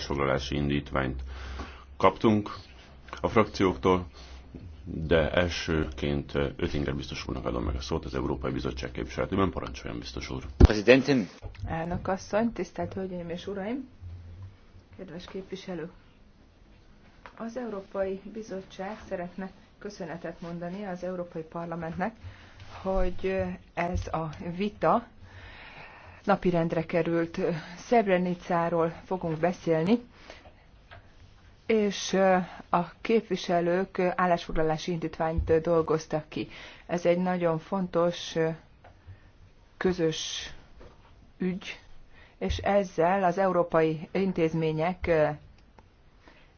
állásfoglalási indítványt kaptunk a frakcióktól, de elsőként Ötinger eh, biztos úrnak adom meg a szót az Európai Bizottság képviseletében. Parancsoljon, biztos úr! Prezidentin! Elnök asszony, tisztelt Hölgyeim és Uraim! Kedves képviselő, Az Európai Bizottság szeretne köszönetet mondani az Európai Parlamentnek, hogy ez a vita napirendre került. Szebrenicáról fogunk beszélni, és a képviselők állásfoglalási indítványt dolgoztak ki. Ez egy nagyon fontos közös ügy, és ezzel az európai intézmények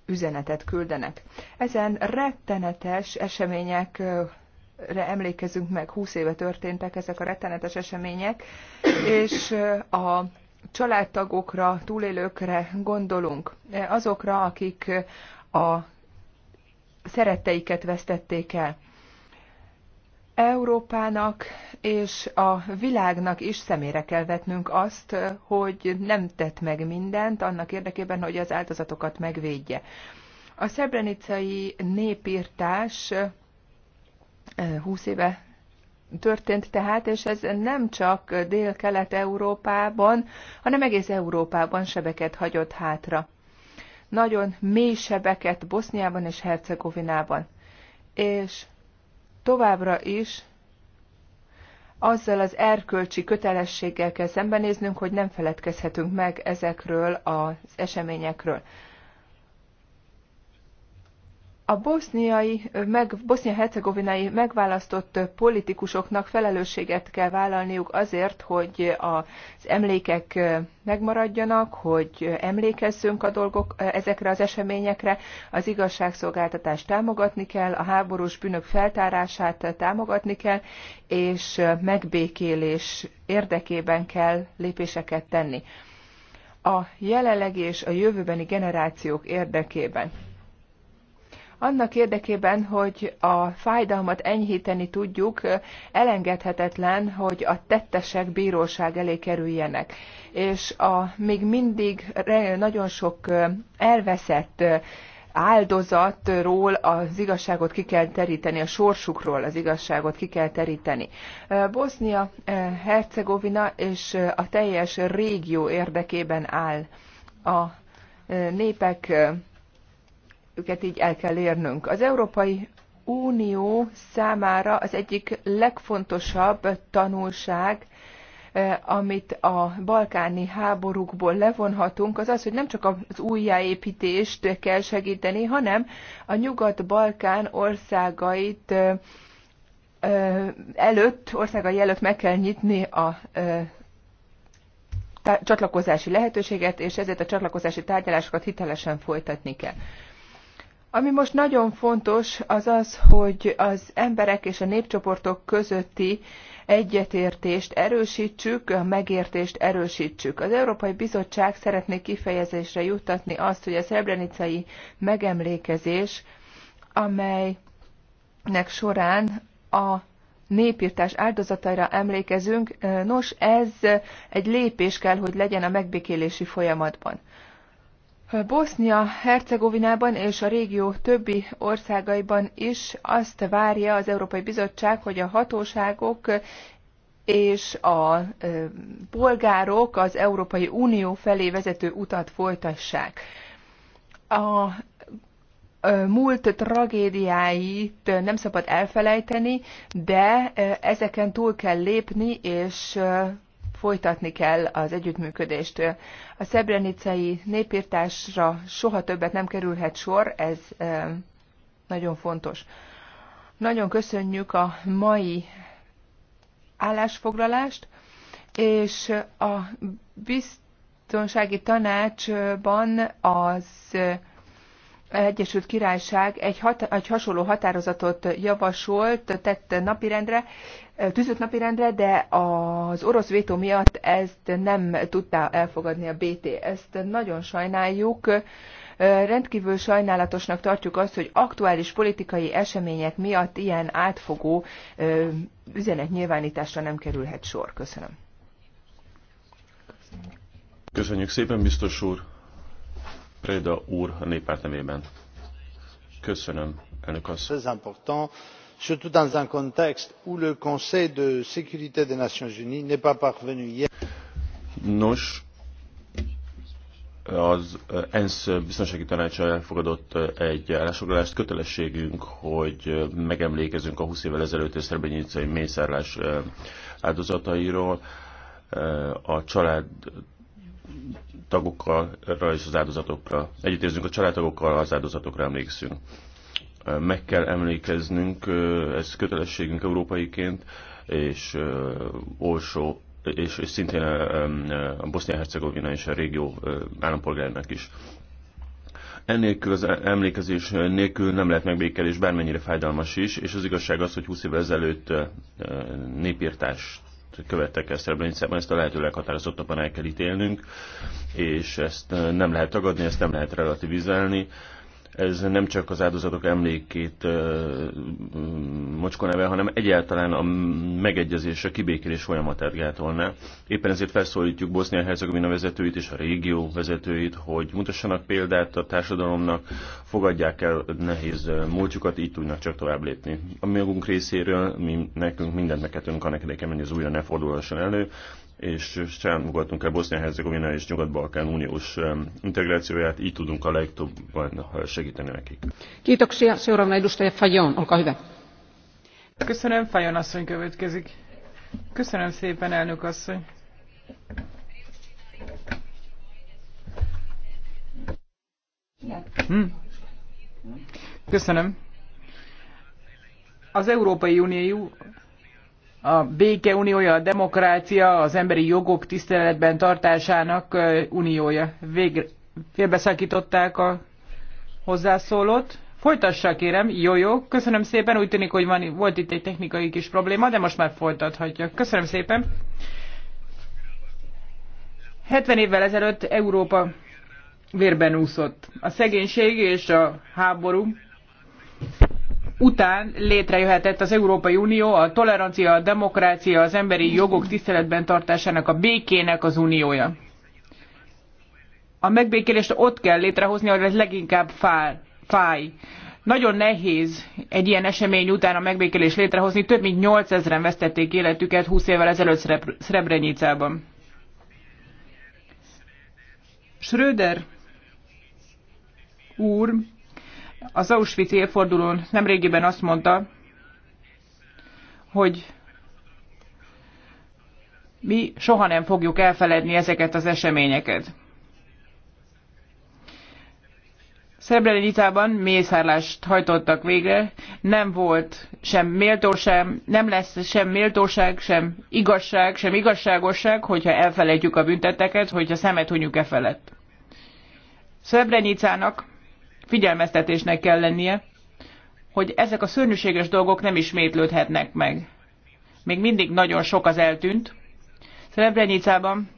üzenetet küldenek. Ezen rettenetes események emlékezünk meg, 20 éve történtek ezek a rettenetes események, és a családtagokra, túlélőkre gondolunk, azokra, akik a szeretteiket vesztették el. Európának és a világnak is szemére kell vetnünk azt, hogy nem tett meg mindent annak érdekében, hogy az áldozatokat megvédje. A szebrenicai népírtás 20 éve történt tehát, és ez nem csak Dél-Kelet-Európában, hanem egész Európában sebeket hagyott hátra. Nagyon mély sebeket Boszniában és Hercegovinában. És továbbra is azzal az erkölcsi kötelességgel kell szembenéznünk, hogy nem feledkezhetünk meg ezekről az eseményekről a boszniai, meg, bosznia-hercegovinai megválasztott politikusoknak felelősséget kell vállalniuk azért, hogy az emlékek megmaradjanak, hogy emlékezzünk a dolgok ezekre az eseményekre, az igazságszolgáltatást támogatni kell, a háborús bűnök feltárását támogatni kell, és megbékélés érdekében kell lépéseket tenni. A jelenlegi és a jövőbeni generációk érdekében. Annak érdekében, hogy a fájdalmat enyhíteni tudjuk, elengedhetetlen, hogy a tettesek bíróság elé kerüljenek. És a még mindig nagyon sok elveszett áldozatról az igazságot ki kell teríteni, a sorsukról az igazságot ki kell teríteni. Bosznia, Hercegovina és a teljes régió érdekében áll a népek őket így el kell érnünk. Az Európai Unió számára az egyik legfontosabb tanulság, eh, amit a balkáni háborúkból levonhatunk, az az, hogy nem csak az újjáépítést kell segíteni, hanem a nyugat-balkán országait eh, eh, előtt, országai előtt meg kell nyitni a csatlakozási lehetőséget, és ezért a csatlakozási tárgyalásokat hitelesen folytatni kell. Ami most nagyon fontos, az az, hogy az emberek és a népcsoportok közötti egyetértést erősítsük, a megértést erősítsük. Az Európai Bizottság szeretné kifejezésre juttatni azt, hogy a szrebrenicai megemlékezés, amelynek során a népírtás áldozataira emlékezünk, nos, ez egy lépés kell, hogy legyen a megbékélési folyamatban. Bosznia, Hercegovinában és a régió többi országaiban is azt várja az Európai Bizottság, hogy a hatóságok és a polgárok az Európai Unió felé vezető utat folytassák. A múlt tragédiáit nem szabad elfelejteni, de ezeken túl kell lépni, és folytatni kell az együttműködést. A szebrenicei népírtásra soha többet nem kerülhet sor, ez nagyon fontos. Nagyon köszönjük a mai állásfoglalást, és a biztonsági tanácsban az Egyesült Királyság egy, hat, egy hasonló határozatot javasolt, tett napirendre, tűzött napirendre, de az orosz vétó miatt ezt nem tudta elfogadni a BT. Ezt nagyon sajnáljuk. Rendkívül sajnálatosnak tartjuk azt, hogy aktuális politikai események miatt ilyen átfogó üzenetnyilvánításra nem kerülhet sor. Köszönöm. Köszönjük szépen, biztos úr. Preda úr a néppárt nevében. Köszönöm, elnök asszony. surtout dans un contexte où le Conseil de sécurité des Nations Unies n'est pas parvenu hier. Nos, az eh, ENSZ biztonsági tanácsa elfogadott eh, egy állásfoglalást. Kötelességünk, hogy eh, megemlékezünk a 20 évvel ezelőtti szerbenyicai mészárlás áldozatairól. A család tagokra és az áldozatokra. Együtt érzünk a családtagokkal, az áldozatokra emlékszünk. Meg kell emlékeznünk, ez kötelességünk európaiként, és olsó, és, és szintén a Bosznia-Hercegovina és a régió állampolgárnak is. Ennélkül az emlékezés nélkül nem lehet megbékelés, bármennyire fájdalmas is, és az igazság az, hogy 20 évvel ezelőtt népírtást követtek el Szerbenicában, ezt a lehető leghatározottabban el kell ítélnünk, és ezt eh, nem lehet tagadni, ezt nem lehet relativizálni ez nem csak az áldozatok emlékét mocskoneve, hanem egyáltalán a megegyezés, a kibékélés folyamatát gátolná. Éppen ezért felszólítjuk Bosznia-Hercegovina vezetőit és a régió vezetőit, hogy mutassanak példát a társadalomnak, fogadják el nehéz múltjukat, így tudnak csak tovább lépni. A magunk részéről mi nekünk mindent meghetünk annak érdekében, hogy az újra ne fordulhasson elő, és támogatnunk el Bosznia-Hercegovina és Nyugat-Balkán uniós integrációját, így tudunk a legtöbben segíteni nekik. Kiitoksia. Seuraavana edustaja Fajon, olkaa hyvä. Köszönöm, Fajon asszony következik. Köszönöm szépen, elnök asszony. Hm? Köszönöm. Az Európai Unió a béke uniója, a demokrácia, az emberi jogok tiszteletben tartásának uniója. Végre félbeszakították a hozzászólót. Folytassa kérem, jó, jó, köszönöm szépen, úgy tűnik, hogy van, volt itt egy technikai kis probléma, de most már folytathatja. Köszönöm szépen. 70 évvel ezelőtt Európa vérben úszott. A szegénység és a háború után létrejöhetett az Európai Unió, a tolerancia, a demokrácia, az emberi jogok tiszteletben tartásának, a békének az uniója. A megbékélést ott kell létrehozni, ahol ez leginkább fáj. Nagyon nehéz egy ilyen esemény után a megbékélést létrehozni, több mint 8000-en vesztették életüket 20 évvel ezelőtt Srebrenicában. Schröder úr az Auschwitz évfordulón nemrégiben azt mondta, hogy mi soha nem fogjuk elfeledni ezeket az eseményeket. Szrebrenicában mészárlást hajtottak végre, nem volt sem méltóság, nem lesz sem méltóság, sem igazság, sem igazságosság, hogyha elfelejtjük a bünteteket, hogyha szemet hunyjuk e felett. Szebrenicának figyelmeztetésnek kell lennie, hogy ezek a szörnyűséges dolgok nem ismétlődhetnek meg. Még mindig nagyon sok az eltűnt. Szerebrenyicában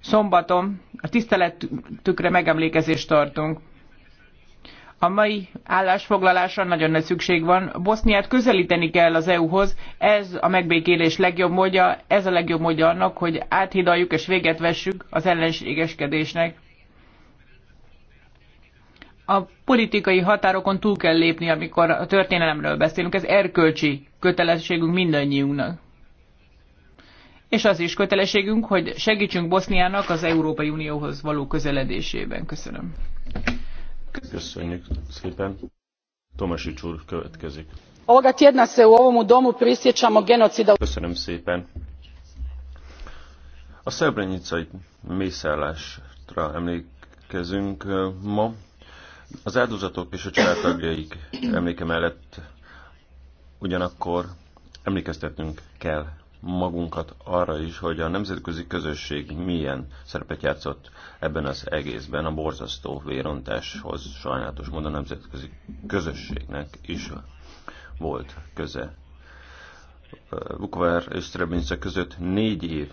szombaton a tiszteletükre megemlékezést tartunk. A mai állásfoglalásra nagyon nagy szükség van. Boszniát közelíteni kell az EU-hoz, ez a megbékélés legjobb módja, ez a legjobb módja annak, hogy áthidaljuk és véget vessük az ellenségeskedésnek a politikai határokon túl kell lépni, amikor a történelemről beszélünk. Ez erkölcsi kötelességünk mindannyiunknak. És az is kötelességünk, hogy segítsünk Boszniának az Európai Unióhoz való közeledésében. Köszönöm. Köszönjük szépen. Tomasi úr következik. Ovoga tjedna se u ovomu domu prisjećamo genocida... Köszönöm szépen. A szebrenyicai mészállásra emlékezünk ma. Az áldozatok és a családtagjaik emléke mellett ugyanakkor emlékeztetnünk kell magunkat arra is, hogy a nemzetközi közösség milyen szerepet játszott ebben az egészben a borzasztó vérontáshoz sajnálatos módon a nemzetközi közösségnek is volt köze. Vukovár és Srebrenica között négy év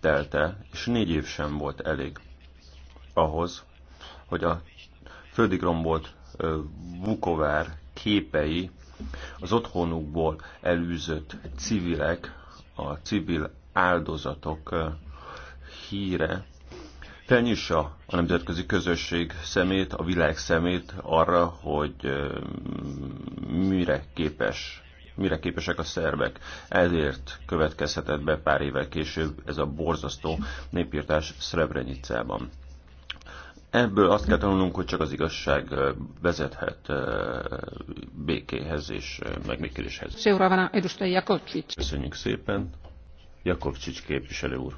telt el, és négy év sem volt elég ahhoz, hogy a földig rombolt Vukovár képei az otthonukból elűzött civilek, a civil áldozatok híre felnyissa a nemzetközi közösség szemét, a világ szemét arra, hogy mire képes mire képesek a szerbek. Ezért következhetett be pár évvel később ez a borzasztó népírtás Srebrenicában. Ebből azt kell tanulnunk, hogy csak az igazság vezethet békéhez és megbékéléshez. Seuraavana edustaja Köszönjük szépen. Jakovcsics képviselő úr.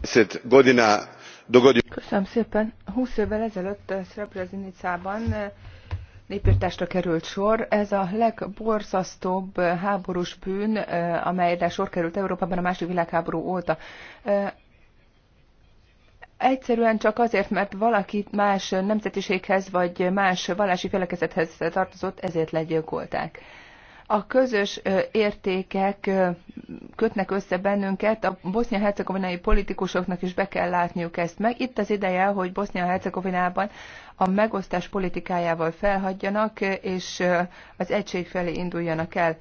Köszönöm szépen. 20 évvel ezelőtt Srebrenicában népírtásra került sor. Ez a legborzasztóbb háborús bűn, amelyre sor került Európában a második világháború óta egyszerűen csak azért, mert valaki más nemzetiséghez vagy más vallási felekezethez tartozott, ezért legyilkolták. A közös értékek kötnek össze bennünket, a bosznia-hercegovinai politikusoknak is be kell látniuk ezt meg. Itt az ideje, hogy Bosznia-hercegovinában a megosztás politikájával felhagyjanak, és az egység felé induljanak el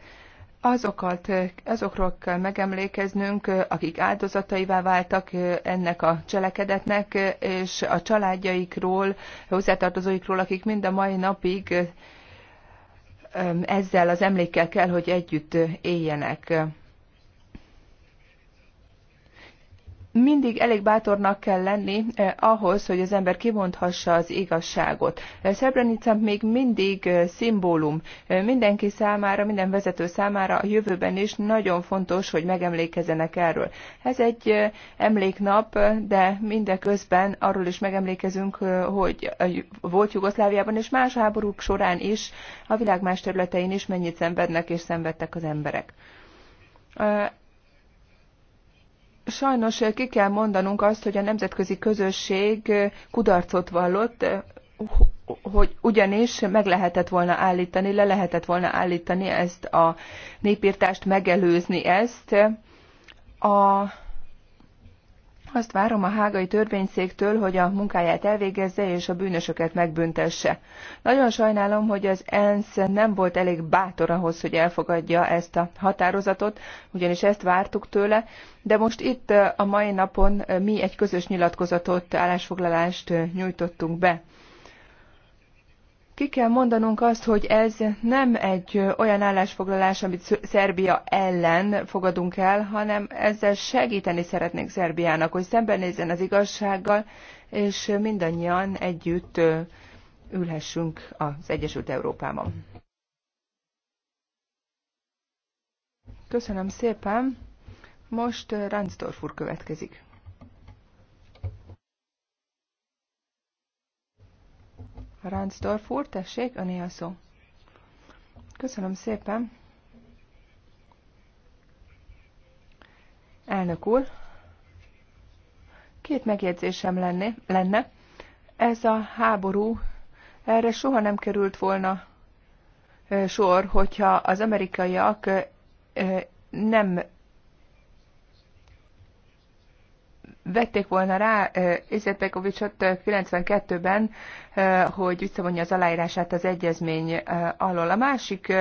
azokat, azokról kell megemlékeznünk, akik áldozataivá váltak ennek a cselekedetnek, és a családjaikról, hozzátartozóikról, akik mind a mai napig ezzel az emlékkel kell, hogy együtt éljenek. mindig elég bátornak kell lenni eh, ahhoz, hogy az ember kimondhassa az igazságot. Eh, Srebrenica még mindig eh, szimbólum. Eh, mindenki számára, minden vezető számára a jövőben is nagyon fontos, hogy megemlékezzenek erről. Ez egy eh, emléknap, de mindeközben arról is megemlékezünk, eh, hogy volt Jugoszláviában és más háborúk során is, a világ más területein is mennyit szenvednek és szenvedtek az emberek. Eh, Sajnos eh, ki kell mondanunk azt, hogy a nemzetközi közösség eh, kudarcot vallott, eh, hogy ugyanis meg lehetett volna állítani, le lehetett volna állítani ezt a népírtást, megelőzni ezt. A azt várom a hágai törvényszéktől, hogy a munkáját elvégezze és a bűnösöket megbüntesse. Nagyon sajnálom, hogy az ENSZ nem volt elég bátor ahhoz, hogy elfogadja ezt a határozatot, ugyanis ezt vártuk tőle, de most itt eh, a mai napon eh, mi egy közös nyilatkozatot, állásfoglalást eh, nyújtottunk be. Ki kell mondanunk azt, hogy ez nem egy olyan állásfoglalás, amit Szerbia ellen fogadunk el, hanem ezzel segíteni szeretnénk Szerbiának, hogy szembenézzen az igazsággal, és mindannyian együtt ülhessünk az Egyesült Európában. Köszönöm szépen. Most Ranzdorf úr következik. Ransdorf úr, tessék, öné a szó. Köszönöm szépen. Elnök úr, két megjegyzésem lenni, lenne. Ez a háború, erre soha nem került volna sor, hogyha az amerikaiak nem vették volna rá Izetbekovicsot 92-ben, hogy visszavonja az aláírását az egyezmény alól. A másik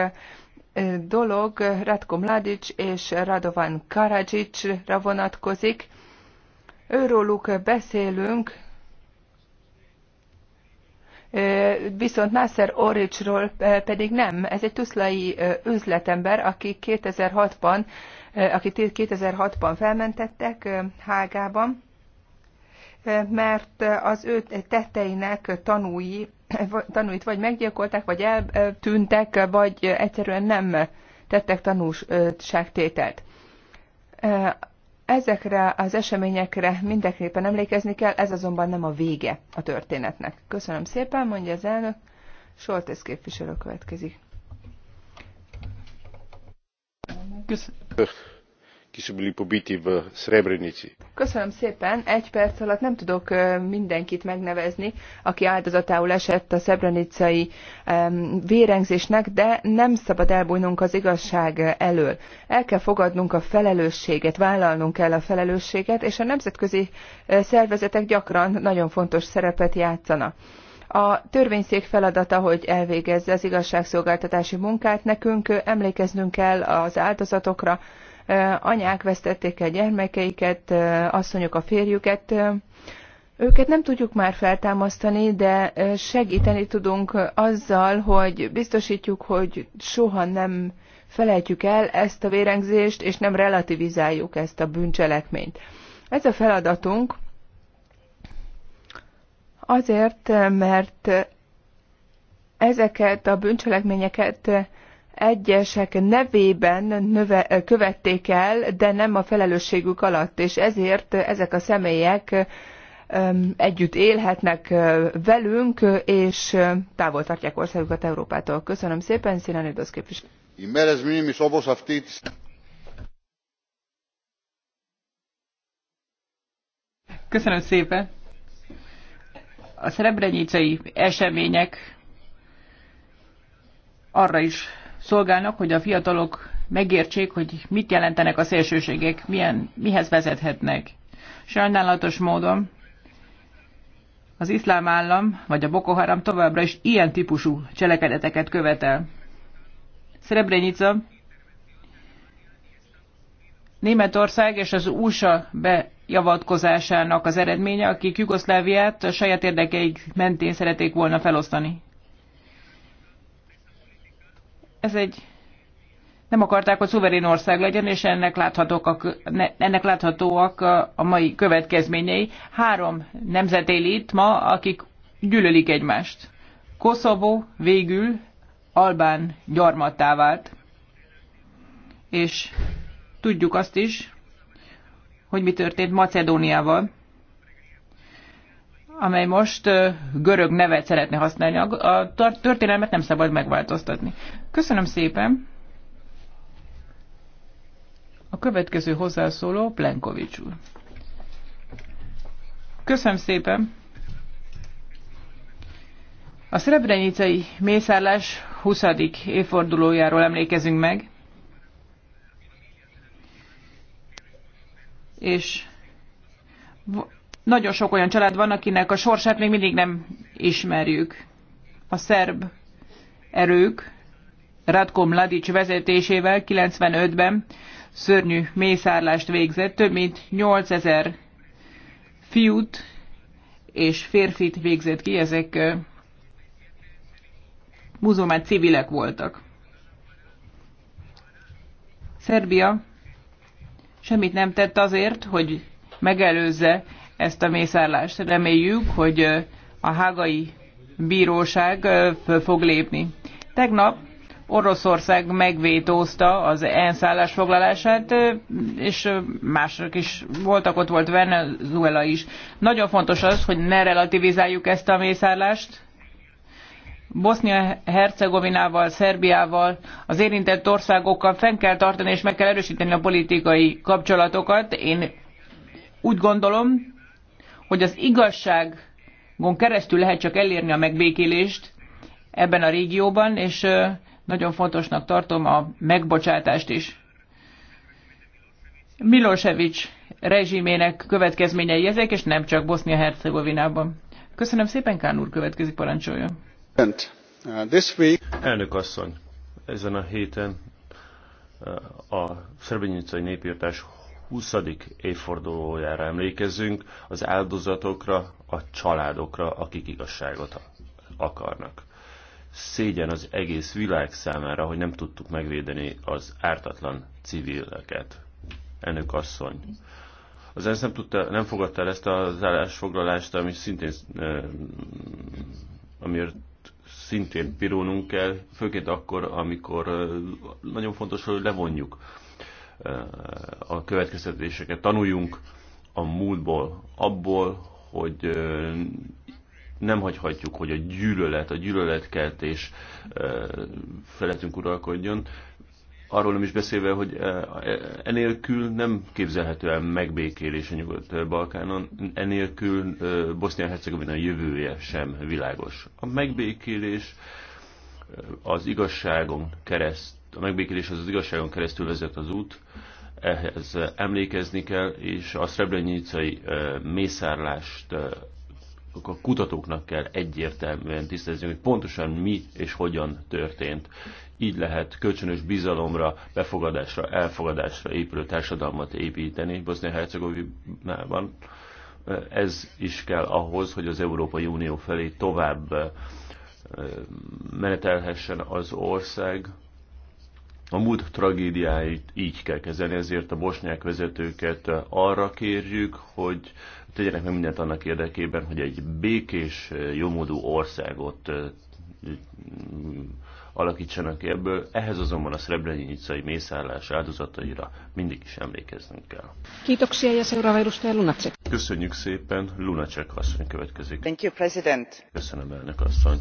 dolog Ratko Mladic és Radovan Karadzsicra vonatkozik. Őróluk beszélünk, viszont Nasser Oricsról pedig nem. Ez egy tuszlai üzletember, aki 2006-ban, akit 2006-ban felmentettek Hágában, mert az ő tetteinek tanúi, tanúit vagy meggyilkolták, vagy eltűntek, vagy egyszerűen nem tettek tanúságtételt Ezekre az eseményekre mindenképpen emlékezni kell, ez azonban nem a vége a történetnek. Köszönöm szépen, mondja az elnök. Soltész képviselő következik. Köszönöm ki so bili pobiti v Srebrenici. Köszönöm szépen, egy perc alatt nem tudok mindenkit megnevezni, aki áldozatául esett a szebrenicai vérengzésnek, de nem szabad elbújnunk az igazság elől. El kell fogadnunk a felelősséget, vállalnunk kell a felelősséget, és a nemzetközi szervezetek gyakran nagyon fontos szerepet játszanak. A törvényszék feladata, hogy elvégezze az igazságszolgáltatási munkát, nekünk emlékeznünk kell az áldozatokra, anyák vesztették el gyermekeiket, asszonyok a férjüket. Őket nem tudjuk már feltámasztani, de segíteni tudunk azzal, hogy biztosítjuk, hogy soha nem felejtjük el ezt a vérengzést, és nem relativizáljuk ezt a bűncselekményt. Ez a feladatunk azért, mert ezeket a bűncselekményeket egyesek nevében növe, követték el, de nem a felelősségük alatt, és ezért ezek a személyek együtt élhetnek velünk, és távol tartják országukat Európától. Köszönöm szépen, Szilanidos képviselő. Köszönöm szépen. A szerebrenyicei események arra is szolgálnak, hogy a fiatalok megértsék, hogy mit jelentenek a szélsőségek, milyen, mihez vezethetnek. Sajnálatos módon az iszlám állam vagy a Boko Haram továbbra is ilyen típusú cselekedeteket követel. Srebrenica Németország és az USA bejavatkozásának az eredménye, akik Jugoszláviát a saját érdekeik mentén szerették volna felosztani ez egy nem akarták, hogy szuverén ország legyen, és ennek, láthatók a, ennek láthatóak a mai következményei. Három nemzet él itt ma, akik gyűlölik egymást. Koszovó végül Albán gyarmattá vált, és tudjuk azt is, hogy mi történt Macedóniával amely most görög nevet szeretne használni. A történelmet nem szabad megváltoztatni. Köszönöm szépen! A következő hozzászóló Plenkovics úr. Köszönöm szépen! A szerebrenicei mészárlás 20. évfordulójáról emlékezünk meg, és nagyon sok olyan család van, akinek a sorsát még mindig nem ismerjük. A szerb erők Radko Mladic vezetésével 95-ben szörnyű mészárlást végzett, több mint 8000 fiút és férfit végzett ki, ezek muzulmán civilek voltak. Szerbia semmit nem tett azért, hogy megelőzze ezt a mészárlást. Reméljük, hogy a hágai bíróság fog lépni. Tegnap Oroszország megvétózta az ENSZ állásfoglalását, és mások is voltak, ott volt Venezuela is. Nagyon fontos az, hogy ne relativizáljuk ezt a mészárlást. Bosznia-Hercegovinával, Szerbiával, az érintett országokkal fenn kell tartani és meg kell erősíteni a politikai kapcsolatokat. Én úgy gondolom, hogy az igazságon keresztül lehet csak elérni a megbékélést ebben a régióban, és nagyon fontosnak tartom a megbocsátást is. Milosevic rezsimének következményei ezek, és nem csak Bosznia-Hercegovinában. Köszönöm szépen, Kán úr, következik parancsolja. Uh, Elnök asszony, ezen a héten uh, a szerbenyicai népírtás 20. évfordulójára emlékezzünk, az áldozatokra, a családokra, akik igazságot akarnak. Szégyen az egész világ számára, hogy nem tudtuk megvédeni az ártatlan civileket. Enök asszony. Az ENSZ nem, tudta, nem fogadta el ezt az állásfoglalást, ami szintén, amiért szintén pirulnunk kell, főként akkor, amikor nagyon fontos, hogy levonjuk a következtetéseket. Tanuljunk a múltból, abból, hogy nem hagyhatjuk, hogy a gyűlölet, a gyűlöletkeltés feletünk uralkodjon. Arról nem is beszélve, hogy e, enélkül nem képzelhető el megbékélés a Nyugat-Balkánon, enélkül Bosznia-Hercegovina jövője sem világos. A megbékélés az igazságon kereszt a megbékélés az, az igazságon keresztül vezet az út, ehhez eh, emlékezni kell, és a szrebrenicai eh, mészárlást eh, a kutatóknak kell egyértelműen tisztázni, hogy pontosan mi és hogyan történt. Így lehet kölcsönös bizalomra, befogadásra, elfogadásra épülő társadalmat építeni Bosznia-Hercegovinában. Ez is kell ahhoz, hogy az Európai Unió felé tovább menetelhessen az ország, a múlt tragédiáit így kell kezelni, ezért a bosnyák vezetőket arra kérjük, hogy tegyenek meg mindent annak érdekében, hogy egy békés, jómódú országot alakítsanak ki ebből, ehhez azonban a szrebrenicai mészállás áldozataira mindig is emlékeznünk kell. Köszönjük szépen, Lunacek asszony következik. Thank you, President. Köszönöm elnök asszony.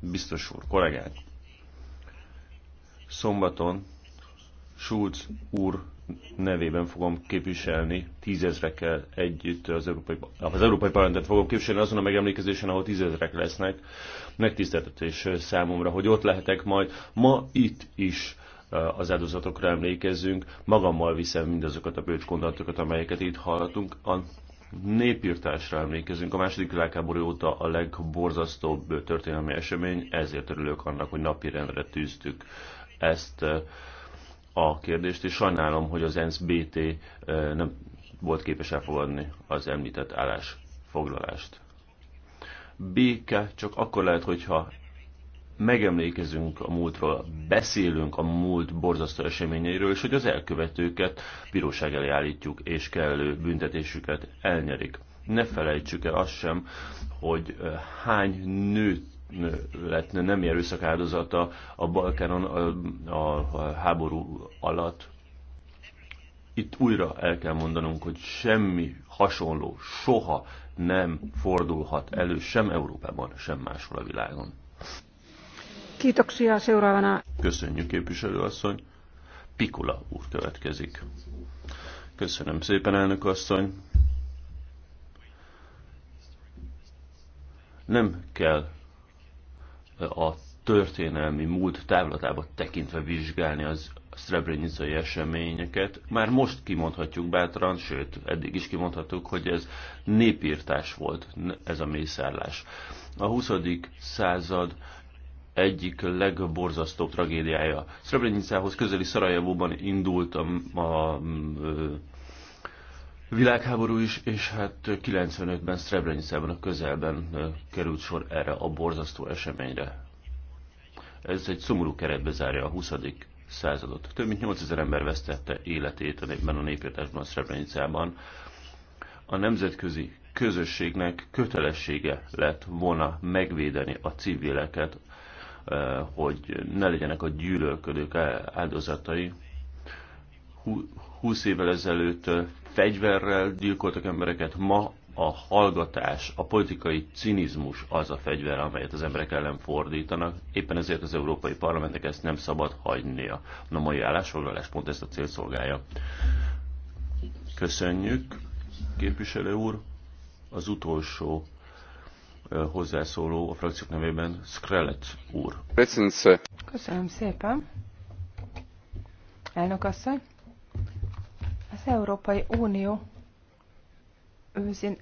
Biztos úr, kollégák, Szombaton Schulz úr nevében fogom képviselni tízezrekkel együtt az Európai, az Európai Parlamentet fogom képviselni azon a megemlékezésen, ahol tízezrek lesznek. Megtiszteltetés számomra, hogy ott lehetek majd. Ma itt is eh, az áldozatokra emlékezzünk, magammal viszem mindazokat a bőt gondolatokat, amelyeket itt hallhatunk. A népírtásra emlékezünk. A második világháború óta a legborzasztóbb történelmi esemény, ezért örülök annak, hogy napirendre tűztük ezt a kérdést, és sajnálom, hogy az ENSZ BT nem volt képes elfogadni az említett állásfoglalást. Béke csak akkor lehet, hogyha megemlékezünk a múltról, beszélünk a múlt borzasztó eseményeiről, és hogy az elkövetőket bíróság elé állítjuk, és kellő büntetésüket elnyerik. Ne felejtsük el azt sem, hogy hány nőt lett nem erőszak áldozata a Balkánon a, a háború alatt. Itt újra el kell mondanunk, hogy semmi hasonló soha nem fordulhat elő sem Európában, sem máshol a világon. Kiitoksia seuraavana. Köszönjük képviselőasszony. Pikula úr következik. Köszönöm szépen, elnök asszony. Nem kell a történelmi múlt távlatába tekintve vizsgálni az szrebrenicai eseményeket. Már most kimondhatjuk bátran, sőt, eddig is kimondhatjuk, hogy ez népírtás volt, ez a mészárlás. A 20. század egyik legborzasztóbb tragédiája. Srebrenicához közeli Szarajevóban indult a, a, a világháború is, és hát 95-ben Srebrenicában a közelben került sor erre a borzasztó eseményre. Ez egy szomorú keretbe zárja a 20. századot. Több mint 8000 ember vesztette életét ebben a népírtásban, Srebrenicában. A nemzetközi közösségnek kötelessége lett volna megvédeni a civileket, hogy ne legyenek a gyűlölködők áldozatai, 20 évvel ezelőtt fegyverrel gyilkoltak embereket, ma a hallgatás, a politikai cinizmus az a fegyver, amelyet az emberek ellen fordítanak. Éppen ezért az Európai Parlamentnek ezt nem szabad hagynia. A mai állásfoglalás pont ezt a cél szolgálja. Köszönjük, képviselő úr. Az utolsó hozzászóló a frakciók nevében Skrelet úr. Köszönöm szépen. Elnök asszony. Európai Unió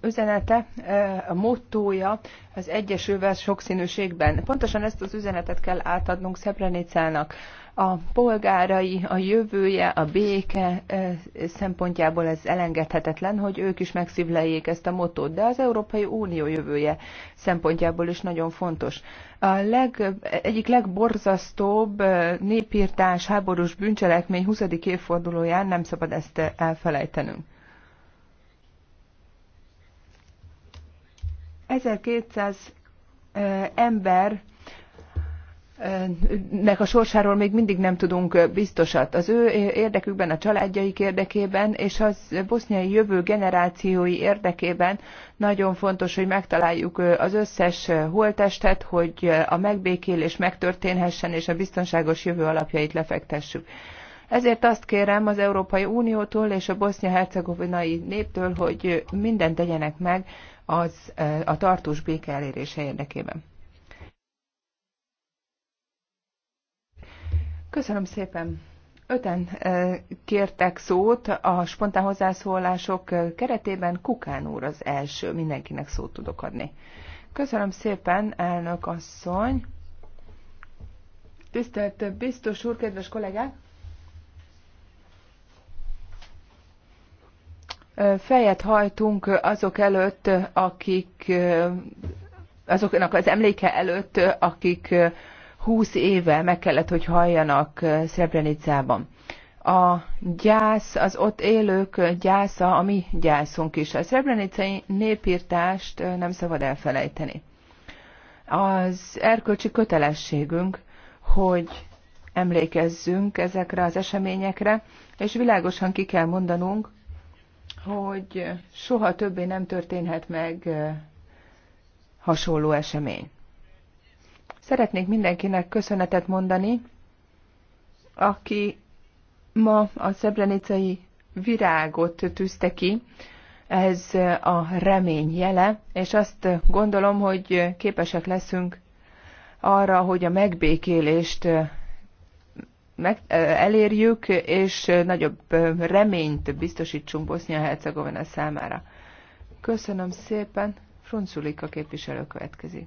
üzenete, e, a mottója az Egyesülve sokszínűségben. Pontosan ezt az üzenetet kell átadnunk Szebrenicának. A polgárai, a jövője, a béke e, szempontjából ez elengedhetetlen, hogy ők is megszívleljék ezt a motót, de az Európai Unió jövője szempontjából is nagyon fontos. A leg, egyik legborzasztóbb népírtás, háborús bűncselekmény 20. évfordulóján nem szabad ezt elfelejtenünk. 1200 ember nek a sorsáról még mindig nem tudunk biztosat. Az ő érdekükben, a családjaik érdekében, és az boszniai jövő generációi érdekében nagyon fontos, hogy megtaláljuk az összes holtestet, hogy a megbékélés megtörténhessen, és a biztonságos jövő alapjait lefektessük. Ezért azt kérem az Európai Uniótól és a bosznia-hercegovinai néptől, hogy mindent tegyenek meg az, a tartós béke elérése érdekében. Köszönöm szépen. Öten eh, kértek szót a spontán hozzászólások eh, keretében. Kukán úr az első, mindenkinek szót tudok adni. Köszönöm szépen, elnök asszony. Tisztelt biztos úr, kedves kollégák! Eh, fejet hajtunk azok előtt, akik azoknak az emléke előtt, akik 20 éve meg kellett, hogy halljanak eh, Srebrenicában. A gyász, az ott élők gyásza a mi gyászunk is. A szrebrenicai népírtást eh, nem szabad elfelejteni. Az erkölcsi kötelességünk, hogy emlékezzünk ezekre az eseményekre, és világosan ki kell mondanunk, hogy soha többé nem történhet meg eh, hasonló esemény. Szeretnék mindenkinek köszönetet mondani, aki ma a szebrenicai virágot tűzte ki, ez a remény jele, és azt gondolom, hogy képesek leszünk arra, hogy a megbékélést meg, elérjük, és nagyobb reményt biztosítsunk Bosznia-Hercegovina számára. Köszönöm szépen, Frunculika képviselő következik.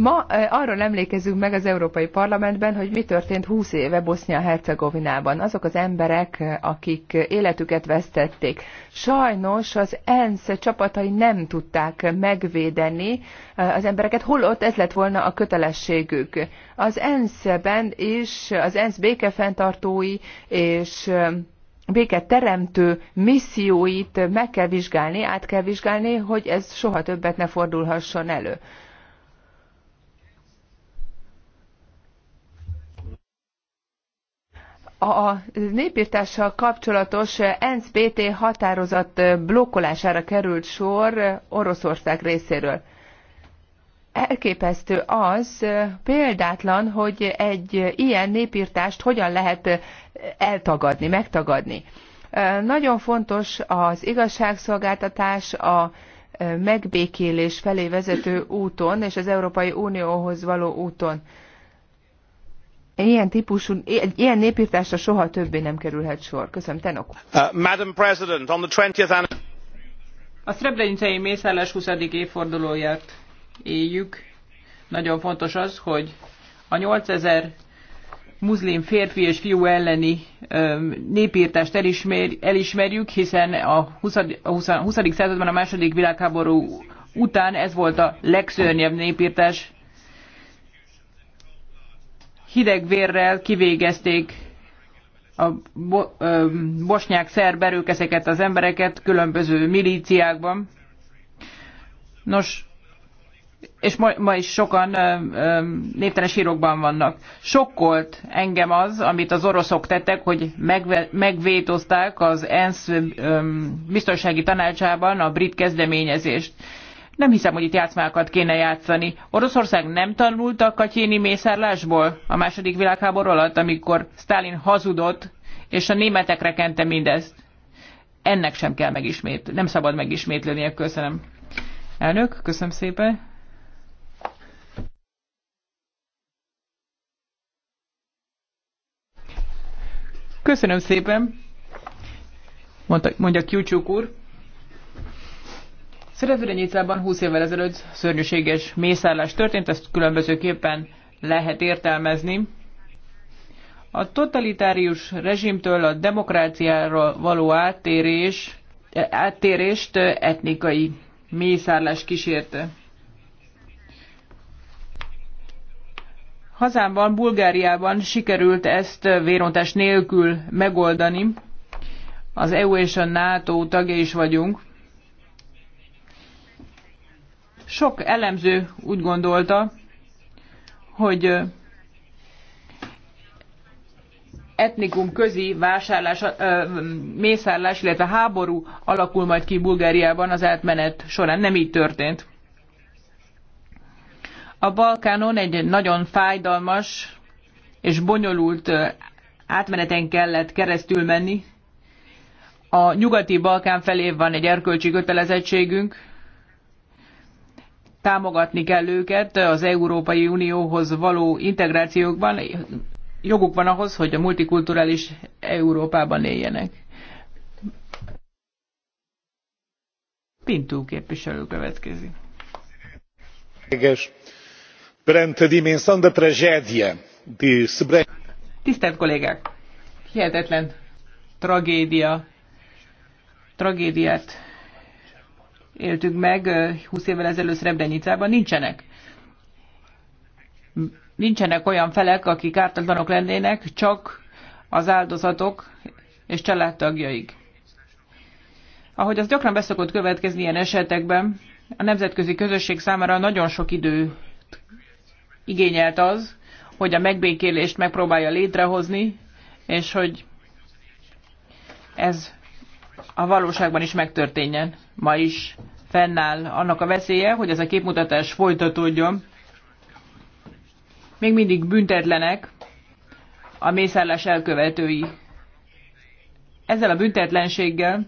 Ma eh, arról emlékezünk meg az Európai Parlamentben, hogy mi történt 20 éve Bosznia-Hercegovinában. Azok az emberek, eh, akik életüket vesztették. Sajnos az ENSZ csapatai nem tudták megvédeni eh, az embereket, holott ez lett volna a kötelességük. Az ENSZ-ben is az ENSZ békefenntartói és béketeremtő misszióit meg kell vizsgálni, át kell vizsgálni, hogy ez soha többet ne fordulhasson elő. a népírtással kapcsolatos ENSZ-PT határozat blokkolására került sor Oroszország részéről. Elképesztő az, példátlan, hogy egy ilyen népírtást hogyan lehet eltagadni, megtagadni. Nagyon fontos az igazságszolgáltatás, a megbékélés felé vezető úton és az Európai Unióhoz való úton ilyen típusú, ilyen népírtásra soha többé nem kerülhet sor. Köszönöm, Tenok. Uh, Madam President, on the 20th anniversary... A Srebrenicei mészállás 20. évfordulóját éljük. Nagyon fontos az, hogy a 8000 muzlim férfi és fiú elleni népírtást elismer, elismerjük, hiszen a 20. A 20. században a második világháború után ez volt a legszörnyebb népírtás hideg vérrel kivégezték a bo- ö, bosnyák szerb erők ezeket az embereket különböző milíciákban. Nos, és ma, ma is sokan ö, ö, névtelen sírokban vannak. Sokkolt engem az, amit az oroszok tettek, hogy megve, megvétozták az ENSZ ö, biztonsági tanácsában a brit kezdeményezést. Nem hiszem, hogy itt játszmákat kéne játszani. Oroszország nem tanult a katyéni mészárlásból a második világháború alatt, amikor Stalin hazudott, és a németekre kente mindezt. Ennek sem kell megismét, nem szabad megismétlenie, köszönöm. Elnök, köszönöm szépen. Köszönöm szépen, mondta, mondja Kyucsuk úr. Szerefürdenyicában 20 évvel ezelőtt szörnyűséges mészárlás történt, ezt különbözőképpen lehet értelmezni. A totalitárius rezsimtől a demokráciára való áttérés, áttérést etnikai mészárlás kísérte. Hazámban, Bulgáriában sikerült ezt vérontás nélkül megoldani. Az EU és a NATO tagja is vagyunk. Sok elemző úgy gondolta, hogy etnikum közi vásárlás, mészárlás, illetve háború alakul majd ki Bulgáriában az átmenet során. Nem így történt. A Balkánon egy nagyon fájdalmas és bonyolult átmeneten kellett keresztül menni. A nyugati Balkán felé van egy erkölcsi kötelezettségünk, támogatni kell őket az Európai Unióhoz való integrációkban, joguk van ahhoz, hogy a multikulturális Európában éljenek. Pintú képviselő következik. tragédia de Tisztelt kollégák! Hihetetlen tragédia, tragédiát éltük meg 20 évvel ezelőtt Srebrenicában, nincsenek. Nincsenek olyan felek, akik ártatlanok lennének, csak az áldozatok és családtagjaik. Ahogy az gyakran beszokott következni ilyen esetekben, a nemzetközi közösség számára nagyon sok idő igényelt az, hogy a megbékélést megpróbálja létrehozni, és hogy ez a valóságban is megtörténjen. Ma is fennáll annak a veszélye, hogy ez a képmutatás folytatódjon. Még mindig büntetlenek a mészállás elkövetői. Ezzel a büntetlenséggel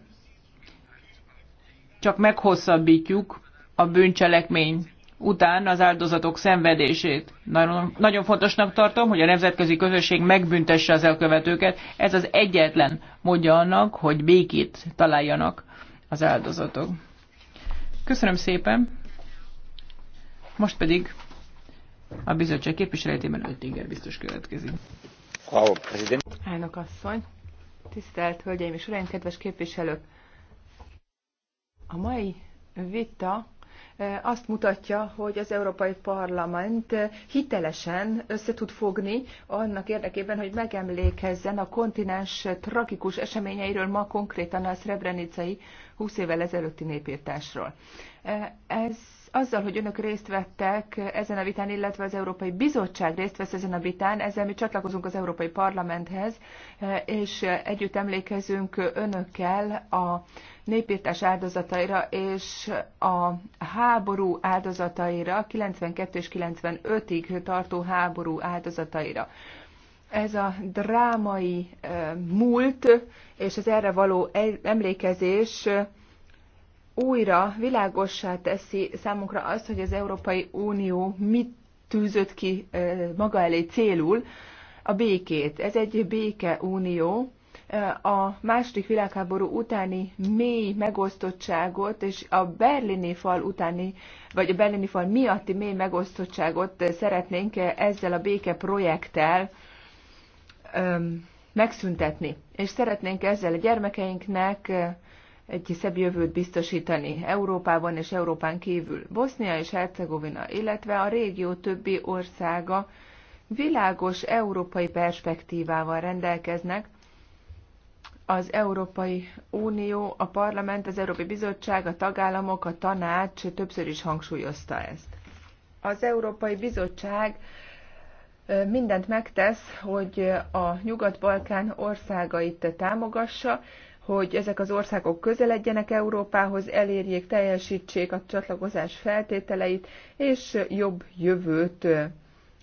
csak meghosszabbítjuk a bűncselekmény után az áldozatok szenvedését. Nagyon, nagyon fontosnak tartom, hogy a nemzetközi közösség megbüntesse az elkövetőket. Ez az egyetlen módja annak, hogy békét találjanak az áldozatok. Köszönöm szépen. Most pedig a bizottság képviseletében Öltinger biztos következik. Elnök asszony, tisztelt Hölgyeim és Uraim, kedves képviselők! A mai vita azt mutatja, hogy az Európai Parlament hitelesen össze tud fogni annak érdekében, hogy megemlékezzen a kontinens tragikus eseményeiről, ma konkrétan a Srebrenicai 20 évvel ezelőtti népírtásról. Ez azzal, hogy önök részt vettek ezen a vitán, illetve az Európai Bizottság részt vesz ezen a vitán, ezzel mi csatlakozunk az Európai Parlamenthez, eh, és együtt emlékezünk önökkel a népírtás áldozataira és a háború áldozataira, 92 és 95-ig tartó háború áldozataira ez a drámai eh, múlt és az erre való e- emlékezés újra világossá teszi számunkra azt, hogy az Európai Unió mit tűzött ki maga elé célul, a békét. Ez egy békeunió, a második világháború utáni mély megosztottságot és a berlini fal utáni, vagy a berlini fal miatti mély megosztottságot szeretnénk ezzel a béke projekttel megszüntetni. És szeretnénk ezzel a gyermekeinknek, egy szebb jövőt biztosítani Európában és Európán kívül. Bosznia és Hercegovina, illetve a régió többi országa világos európai perspektívával rendelkeznek, az Európai Unió, a Parlament, az Európai Bizottság, a tagállamok, a tanács többször is hangsúlyozta ezt. Az Európai Bizottság mindent megtesz, hogy a Nyugat-Balkán országait támogassa, hogy ezek az országok közeledjenek Európához, elérjék, teljesítsék a csatlakozás feltételeit, és jobb jövőt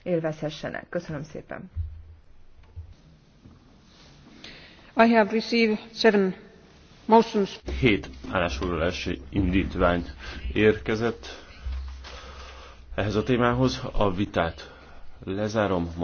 élvezhessenek. Köszönöm szépen. I have received seven motions. Hét állásfoglalási indítvány érkezett ehhez a témához. A vitát lezárom.